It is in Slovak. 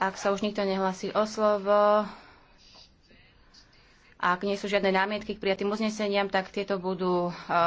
Ak sa už nikto nehlasí o slovo, ak nie sú žiadne námietky k prijatým uzneseniam, tak tieto budú